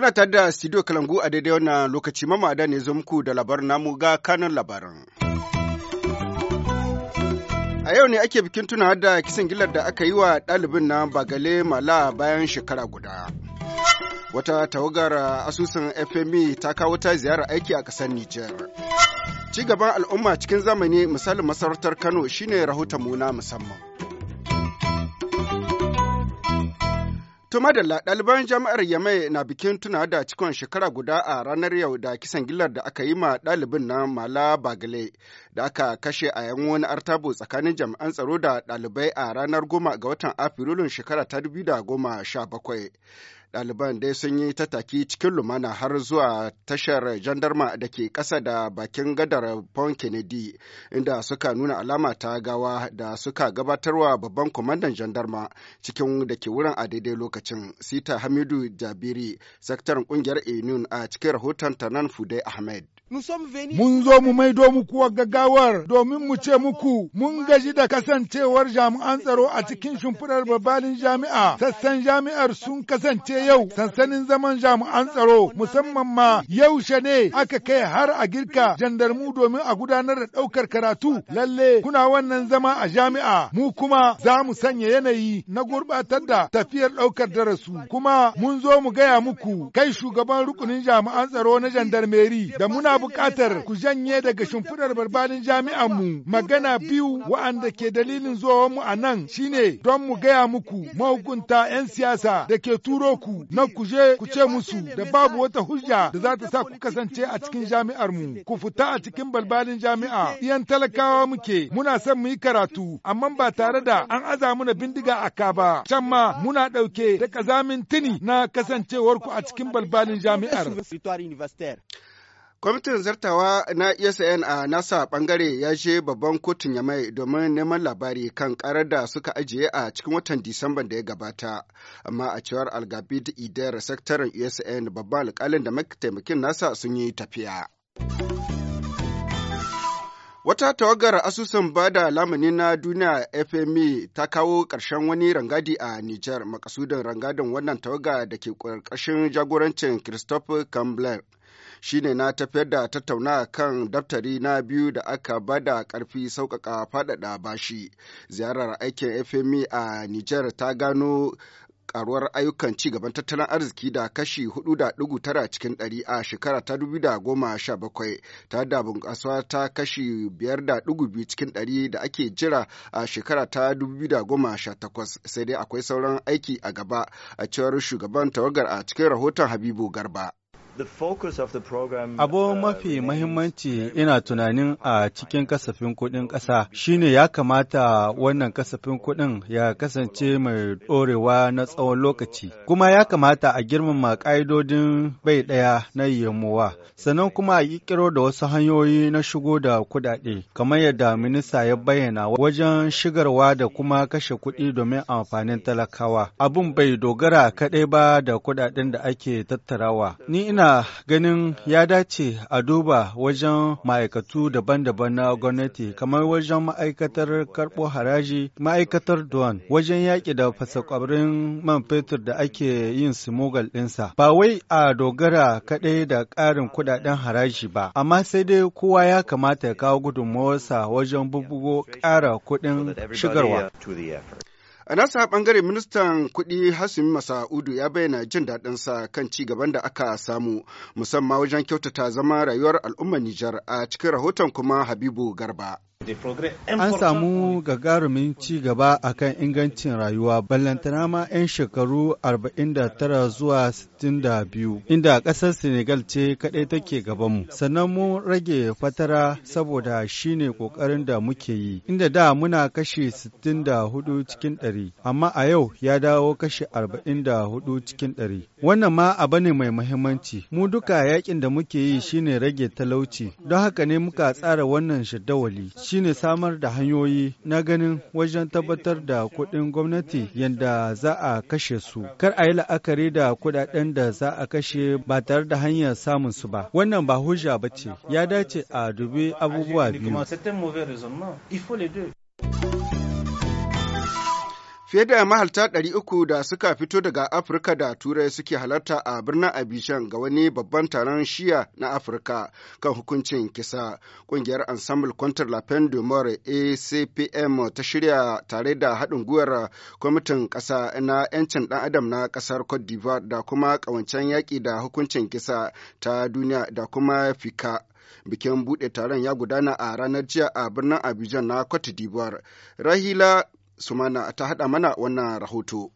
Kuna tare da studio Kalangu a daidai wannan lokaci mamada ne zo muku da labarin namu ga kanun labaran. A yau ne ake bikin tunawa da kisan gilar da aka yi wa ɗalibin na Bagale Mala bayan shekara guda. Wata tawagar asusun FME ta kawo ta ziyara aiki a ƙasar Nijar. Ci gaban al'umma cikin zamani misalin masarautar Kano shine rahoton mu musamman. tuma Tumadalla ɗaliban jami'ar Yamai na bikin tuna da cikon shekara guda a ranar yau da kisan gillar da aka yi ma ɗalibin na Mala Bagale da aka kashe a yan wani artabu tsakanin jami'an tsaro da ɗalibai a ranar goma ga watan Afrilun shekara ta dubu da goma sha bakwai. ɗaliban dai sun yi ta taki cikin lumana har zuwa tashar jandarma da ke ƙasa da bakin gadar pont kennedy inda suka nuna alama ta gawa da suka gabatarwa babban kwamandan jandarma cikin da ke wurin a daidai lokacin sita hamidu jabiri sakataren ƙungiyar enun a cikin rahoton tanan Fudai ahmed Mun zo mu maido muku gaggawar domin mu ce muku mun gaji da kasancewar jami'an tsaro a cikin shimfidar babbalin jami'a. Sassan jami'ar sun kasance yau sansanin zaman jami'an tsaro musamman ma yaushe ne aka kai har a girka jandarmu domin a gudanar da ɗaukar karatu. Lalle kuna wannan zama a jami'a mu kuma za mu sanya yanayi na gurɓatar da tafiyar ɗaukar darasu kuma mun zo mu gaya muku kai shugaban rukunin jami'an tsaro na jandarmeri da muna buƙatar ku janye daga shimfiɗar barbanin mu magana biyu wa'anda ke dalilin zuwa mu a nan shine don mu gaya muku mahukunta 'yan siyasa da ke turo ku na kuje je ku ce musu da babu wata hujja da za ta sa ku kasance a cikin jami'ar mu ku fita a cikin balbalin jami'a iyan talakawa muke muna son mu yi karatu amma ba tare da an aza muna bindiga a ka ba can ma muna ɗauke da kazamin tuni na kasancewar ku a cikin balbalin jami'ar Kwamitin zartawa na ESN a nasa bangare ya je babban kotun ya mai domin neman labari kan karar da suka ajiye a cikin watan Disamba da ya gabata. Amma a cewar Algabid Idar sakataren ESN babban alkalin da mataimakin nasa sun yi tafiya. Wata tawagar asusun bada lamuni na duniya FME ta kawo ƙarshen wani rangadi a Nijar makasudin rangadin wannan tawaga da ke ƙarƙashin jagorancin Christophe Campbell. shine na tafiyar da tattauna kan daftari na biyu da aka bada karfi sauƙaƙa faɗaɗa bashi ziyarar aikin fmi e a niger ta gano karuwar ayyukan ci gaban tattalin arziki da kashi 4.9 cikin 100 a shekara ta 2017 ta da bunƙasa ta kashi 5.2 cikin 100 da ake jira a shekara ta 2018 sai dai akwai sauran aiki a gaba a cewar shugaban tawagar a cikin rahoton Habibu Garba. Abu uh, mafi mahimmanci ina tunanin a cikin kasafin kuɗin ƙasa shine ya kamata wannan kasafin kuɗin ya kasance mai ɗorewa na tsawon lokaci. Kuma ya kamata a girmama ƙa'idodin bai ɗaya na yamuwa, sannan kuma a ƙirƙiro da wasu hanyoyi na shigo da kuɗaɗe, kamar yadda minista ya bayyana wajen shigarwa da kuma kashe kuɗi domin amfanin talakawa. Abun bai dogara kaɗai ba da kuɗaɗen da ake tattarawa. Ni ina ganin ya dace a duba wajen ma'aikatu daban-daban na gwamnati kamar wajen ma'aikatar karɓo haraji, ma'aikatar Duwan, wajen yaƙi da fasakwabrin man fetur da ake yin simogal ɗinsa. Ba wai a dogara kaɗai da ƙarin kuɗaɗen haraji ba, amma sai dai kowa ya kamata ya kawo gudunmawarsa wajen bubugo ƙara kuɗin shigarwa. A nasa bangare ministan kuɗi Hassan Masa'udu ya bayyana jin daɗin sa kan ci gaban da aka samu musamman wajen kyautata zama rayuwar al'ummar Nijar a cikin rahoton kuma Habibu Garba. An samu gagarumin ci gaba a kan ingancin rayuwa ballantana ma 'yan shekaru 49 zuwa 62 inda ƙasar Senegal ce kaɗai take gabanmu. Sannan mun rage fatara saboda shine ƙoƙarin da muke yi, inda da muna kashe 64 cikin 100, amma a yau ya dawo kashe 44 cikin 100. Wannan ma abu ne mai muhimmanci. Mu duka yakin da muke yi shine rage talauci, don haka ne muka tsara wannan shadawali. shine samar da hanyoyi na ganin wajen tabbatar da kuɗin gwamnati yadda za a kashe su. Kar a yi la'akari da kuɗaɗen da za a kashe ba tare da hanyar samun su ba. Wannan ba hujja ba ce, ya dace a dubi abubuwa biyu. Fiye da mahalta uku da suka fito daga Afirka da Turai suke halarta a birnin Abidjan ga wani babban taron shiya na Afirka kan hukuncin kisa. Kungiyar Ensemble Contre la Peine de Mort ACPM ta shirya tare da haɗin gwiwar kwamitin ƙasa na 'yancin ɗan adam na ƙasar Cote d'Ivoire da kuma ƙawancen yaƙi da hukuncin kisa ta duniya da kuma fika. Bikin buɗe taron ya gudana a ranar jiya a birnin Abidjan na Cote d'Ivoire. Rahila Sumana ta haɗa mana wannan rahoto.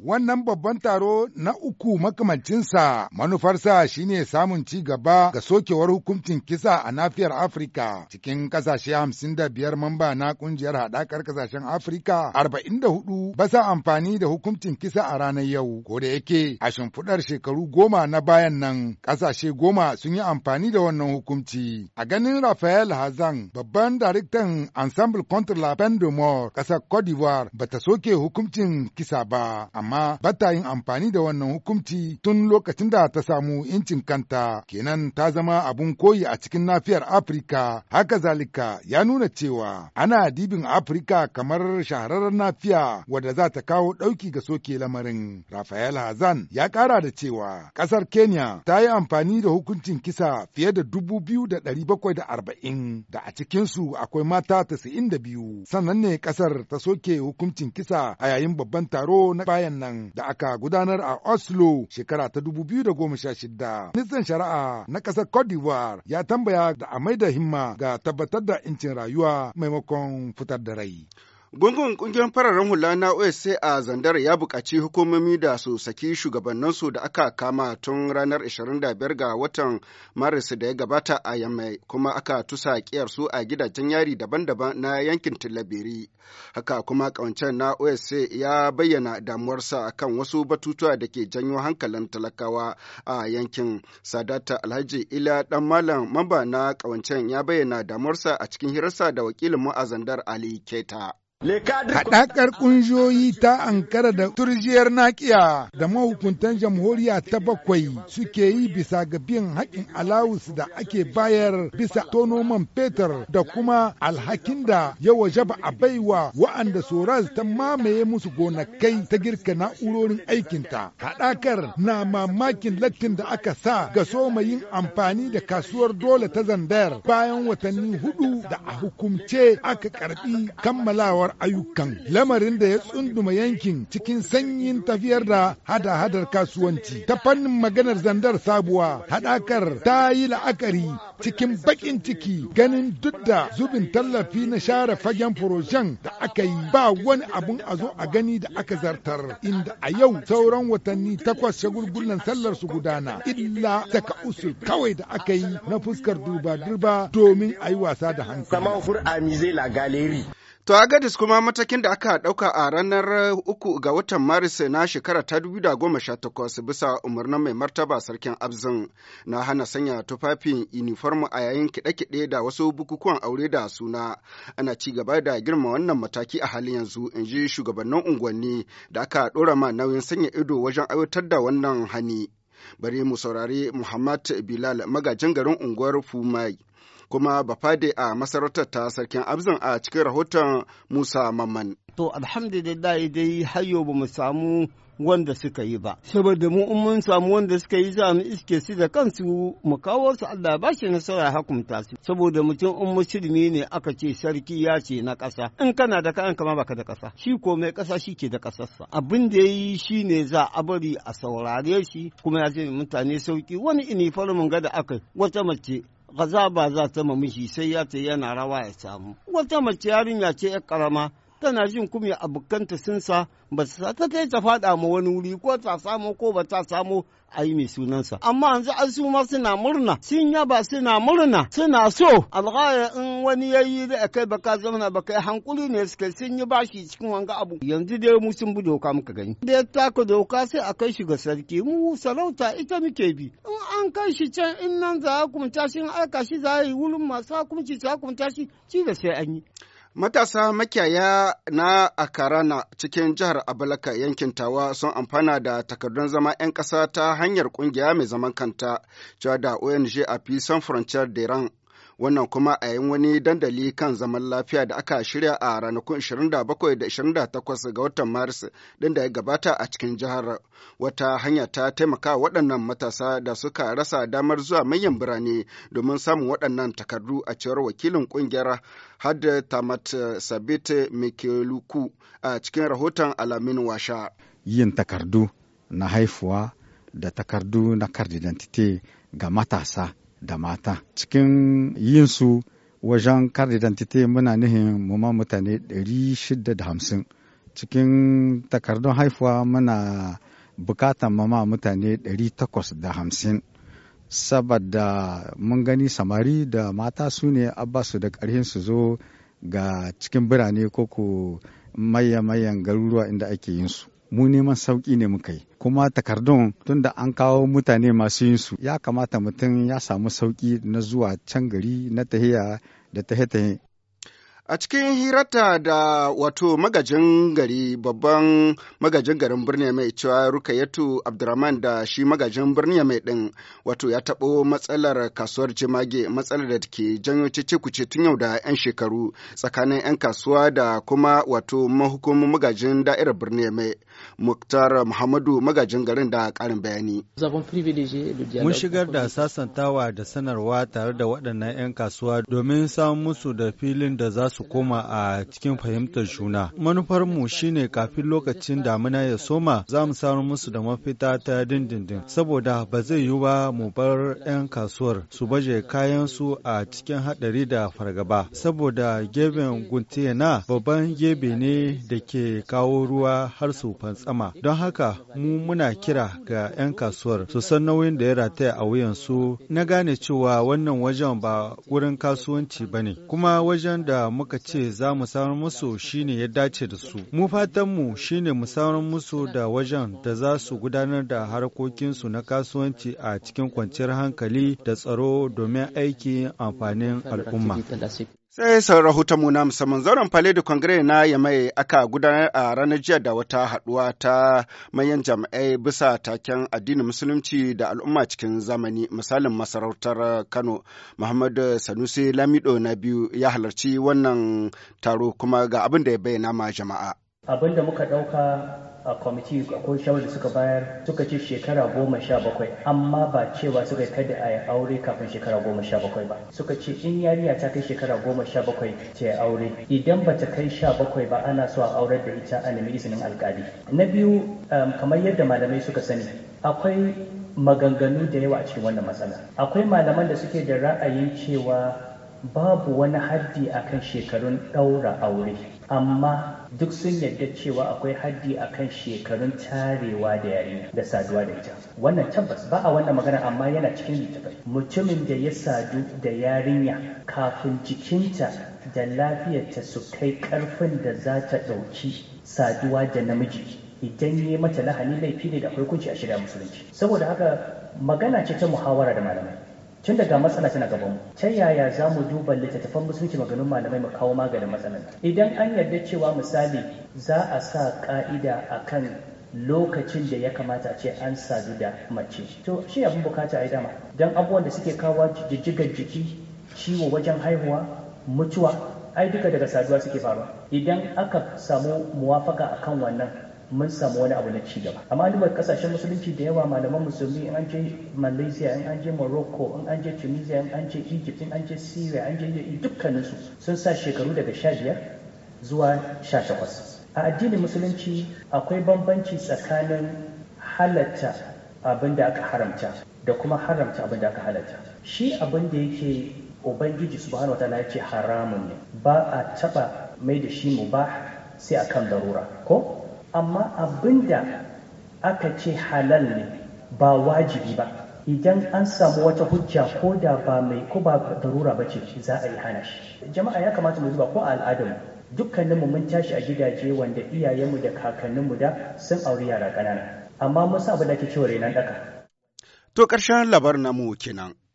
Wannan babban taro na uku makamancinsa manufarsa shine samun ci gaba ga sokewar hukuncin kisa a nafiyar Afirka cikin kasashe hamsin da biyar mamba na kungiyar haɗakar kasashen Afirka arba'in da hudu ba sa amfani da hukuncin kisa a ranar yau ko da yake a shimfiɗar shekaru goma na bayan nan kasashe goma sun yi amfani da wannan hukunci. A ganin Rafael Hazan babban daraktan Ensemble contre la peine de mort ƙasar Cote d'Ivoire ba ta soke hukuncin kisa ba amma ba ta yin amfani da wannan hukunci tun lokacin da ta samu incin kanta kenan ta zama abun koyi a cikin nafiyar Afirka haka zalika ya nuna cewa ana dibin Afirka kamar shahararren nafiya wadda za ta kawo ɗauki ga soke lamarin. Rafael Hazan ya ƙara da cewa ƙasar Kenya ta yi amfani da hukuncin kisa fiye da dubu biyu da ɗari bakwai da arba'in da a cikinsu akwai mata tasa'in da biyu sannan ne ƙasar ta soke hukuncin kisa a yayin babban taro na bayan nan da aka gudanar a Oslo shekara ta 2016. Ministan shari'a na ƙasar Cote d'Ivoire ya tambaya da a da himma ga tabbatar da incin rayuwa maimakon fitar da rai. Gungun kungiyar fararen hula na OSA a Zandar ya buƙaci hukumomi da su saki shugabanninsu da aka kama tun ranar 25 ga watan Maris da ya gabata a Yamai kuma aka tusa su a gidajen yari daban-daban na yankin Tilabiri. Haka kuma ƙawancen na OSA ya bayyana damuwarsa kan wasu batutuwa da ke janyo hankalin talakawa a yankin. Sadata Alhaji Ila Dan Malam mamba na ƙawancen ya bayyana damuwarsa a cikin hirarsa da wakilinmu a Zandar Ali Keta. Haɗakar ƙungiyoyi ta Ankara da turjiyar nakiya da mahukuntan jamhuriya ta bakwai suke yi bisa ga biyan haƙin alawus da ake bayar bisa tonoman man fetur da kuma alhakin da ya waje ba a baiwa wa'anda soraz ta mamaye musu gonakai ta girka na'urorin aikinta. Haɗakar na mamakin lattin da aka sa ga soma yin amfani da kasuwar dole ta zandar bayan watanni hudu da a hukumce aka karɓi kammalawar tsayawar ayyukan lamarin da ya tsunduma yankin cikin sanyin tafiyar da hada-hadar kasuwanci ta fannin maganar zandar sabuwa haɗakar ta yi la'akari cikin bakin ciki ganin duk da zubin tallafi na share fagen furoshen da aka yi ba wani abun a zo a gani da aka zartar inda a yau sauran watanni takwas shagulgulan sallar su gudana illa saka usul kawai da aka yi na fuskar duba-durba domin a yi wasa da hankali. To Agadis kuma matakin da aka ɗauka a ranar uku ga watan Maris na shekara ta da goma sha takwas bisa umarnin mai martaba sarkin Abzin na hana sanya tufafin uniform a yayin kiɗe-kiɗe da wasu bukukuwan aure da suna. Ana ci gaba da girma wannan mataki a halin yanzu in ji shugabannin unguwanni da aka ɗora ma nauyin sanya ido wajen aiwatar da wannan hani. Bari mu saurari Muhammad Bilal magajin garin unguwar Fumai. kuma bafade a masarautar ta sarkin abzan a cikin rahoton musa mamman to alhamdulillah dai hayo ba mu samu wanda suka yi ba saboda mu mun samu wanda suka yi za mu iske su da kansu mu kawo su Allah ba shi nasara ya hukunta su saboda mutum in musulmi ne aka ce sarki ya ce na ƙasa in kana da kan kama baka da ƙasa shi ko mai ƙasa shi ke da ƙasarsa abin da yayi shine za a bari a saurare shi kuma ya ce mutane sauki wani inifarmin ga da aka wata mace ba za ta mishi sai ya ta yana rawa ya samu wata mace yarinya ce ya karama tana jin a abukanta sun sa ba ta ta ta fada ma wani wuri ko ta samu ko ba ta samu a yi mai sunansa amma yanzu an su ma suna murna sun yaba suna murna suna so alghaya in wani ya yi da kai ba ka zauna ba kai hankuli ne suka sun yi bashi cikin wanga abu yanzu dai mu sun bi doka muka gani da ya taka doka sai a kai shi ga sarki mu sarauta ita muke bi in an kai shi can in nan za a kumta shi in aika shi za a yi wurin masu hakunci za a kumta shi ci da sai an yi. Matasa makiyaya na Akarana cikin jihar Abalaka yankin Tawa sun amfana da takardun zama 'yan ƙasa ta hanyar ƙungiya mai zaman kanta, cewa da ONG a Peace Frontier Deran wannan kuma a yin wani dandali kan zaman lafiya da aka shirya a ranakun 27 da 28 ga watan maris din da ya gabata a cikin jihar wata hanya ta taimaka waɗannan matasa da suka rasa damar zuwa manyan birane domin samun waɗannan takardu a cewar wakilin ƙungiyar had tamat sabit mikeluku a cikin rahoton alamin washa yin takardu na haifuwa da takardu na card ga matasa da mata cikin yinsu wajen kar identity muna nihin muma mutane 650 cikin takardun haifuwa muna bukatan mama mutane 850 saboda mun gani samari da mata su ne abbasu da ƙarhin su zo ga cikin birane koko maye-mayen garuruwa inda ake yin su mu neman sauƙi ne muka yi kuma takardun tunda an kawo mutane masu yin su ya kamata mutum ya samu sauƙi na zuwa can gari na tahiya da tahe-tahe A cikin hirarta da wato magajin gari babban magajin garin birni mai cewa Rukayatu Abdurrahman da shi magajin birni mai ɗin wato ya taɓo matsalar kasuwar jimage matsalar da ke janyo cece tun yau da 'yan shekaru tsakanin 'yan kasuwa da kuma wato mahukumin magajin da'irar birni mai Muktar Muhammadu magajin garin da ƙarin bayani. Mun shigar da sasantawa da sanarwa tare da waɗannan 'yan kasuwa domin samun musu da filin da za su su koma a cikin fahimtar juna. Manufarmu shine kafin lokacin damina ya soma za mu samu musu da mafita ta dindindin saboda ba zai yiwu ba mu bar 'yan kasuwar su baje kayansu a cikin haɗari da fargaba saboda geben guntiyana babban gebe ne da ke kawo ruwa har su fantsama don haka mu muna kira ga 'yan kasuwar su san nauyin da ya rataya a wuyansu na gane cewa wannan wajen ba wurin kasuwanci ba ne kuma wajen da muka muka ce za mu samar musu shine ya dace da su. Mu fatanmu shine mu samar musu da wajen da za su gudanar da harkokinsu na kasuwanci a cikin kwanciyar hankali da tsaro domin aiki amfanin al'umma. Sai sauran mu na musamman zauren fale da kongres na yamai aka gudanar a ranar jiya da wata haɗuwa ta manyan jami'ai bisa taken addinin musulunci da al'umma cikin zamani misalin masarautar Kano Muhammadu Sanusi Lamido na biyu ya halarci wannan taro kuma ga abin da ya bayyana ma jama'a. Abin da muka ɗauka a kwamiti akwai shawarar da suka bayar suka ce shekara goma sha bakwai amma ba cewa suka yi kada a yi aure kafin shekara goma sha bakwai ba suka ce in yariya ta kai shekara goma sha bakwai ce aure idan ba ta kai sha bakwai ba ana so a aurar da ita a nemi izinin alkali na biyu um, kamar yadda malamai suka sani akwai maganganu da yawa a cikin wannan matsala akwai malaman da suke da ra'ayin cewa babu wani haddi akan shekarun ɗaura aure amma duk sun yadda cewa akwai haddi akan shekarun tarewa da yare da saduwa da ita wannan tabbas ba a wannan magana amma yana cikin littafai mutumin da ya sadu da yarinya kafin jikinta da lafiyarta su kai karfin da za ta ɗauki saduwa da namiji idan ya yi mata lahani laifi ne da hukunci a shirya musulunci saboda haka magana ce ta muhawara da malamai tun daga matsala tana gaban mu ta yaya za mu duba littattafan musulunci maganin malamai mu kawo maganin matsalar idan an yarda cewa misali za a sa ka'ida kan lokacin da ya kamata ce an sadu da mace to shi abin bukata a yi dama don abubuwan da suke kawo jijjigar jiki ciwo wajen haihuwa mutuwa ai duka daga saduwa suke faruwa idan aka samu muwafaka akan wannan mun samu wani abu na ci gaba amma duba kasashen musulunci da yawa malaman musulmi in an je malaysia in an je morocco in an je tunisia in an je egypt in an je syria an je e, dukkaninsu sun sa shekaru daga sha biyar zuwa sha takwas a addinin musulunci akwai bambanci tsakanin halatta abin da aka haramta da kuma haramta abin da aka halatta shi abin da yake ubangiji subhanahu wataala ya ce haramun ne ba a taba mai da shi mubah sai akan darura ko amma abin da aka ce halal ne ba wajibi ba idan an samu wata hujja ko da ba mai ko ba darura ba ce za a yi hana shi jama'a ya kamata mu duba ko a al'adarmu dukkaninmu mun tashi a gidaje wanda iyayenmu da kakanninmu da sun auri yara ƙanana amma mun sa abin da ke cewa renan ɗaka to ƙarshen labar namu kenan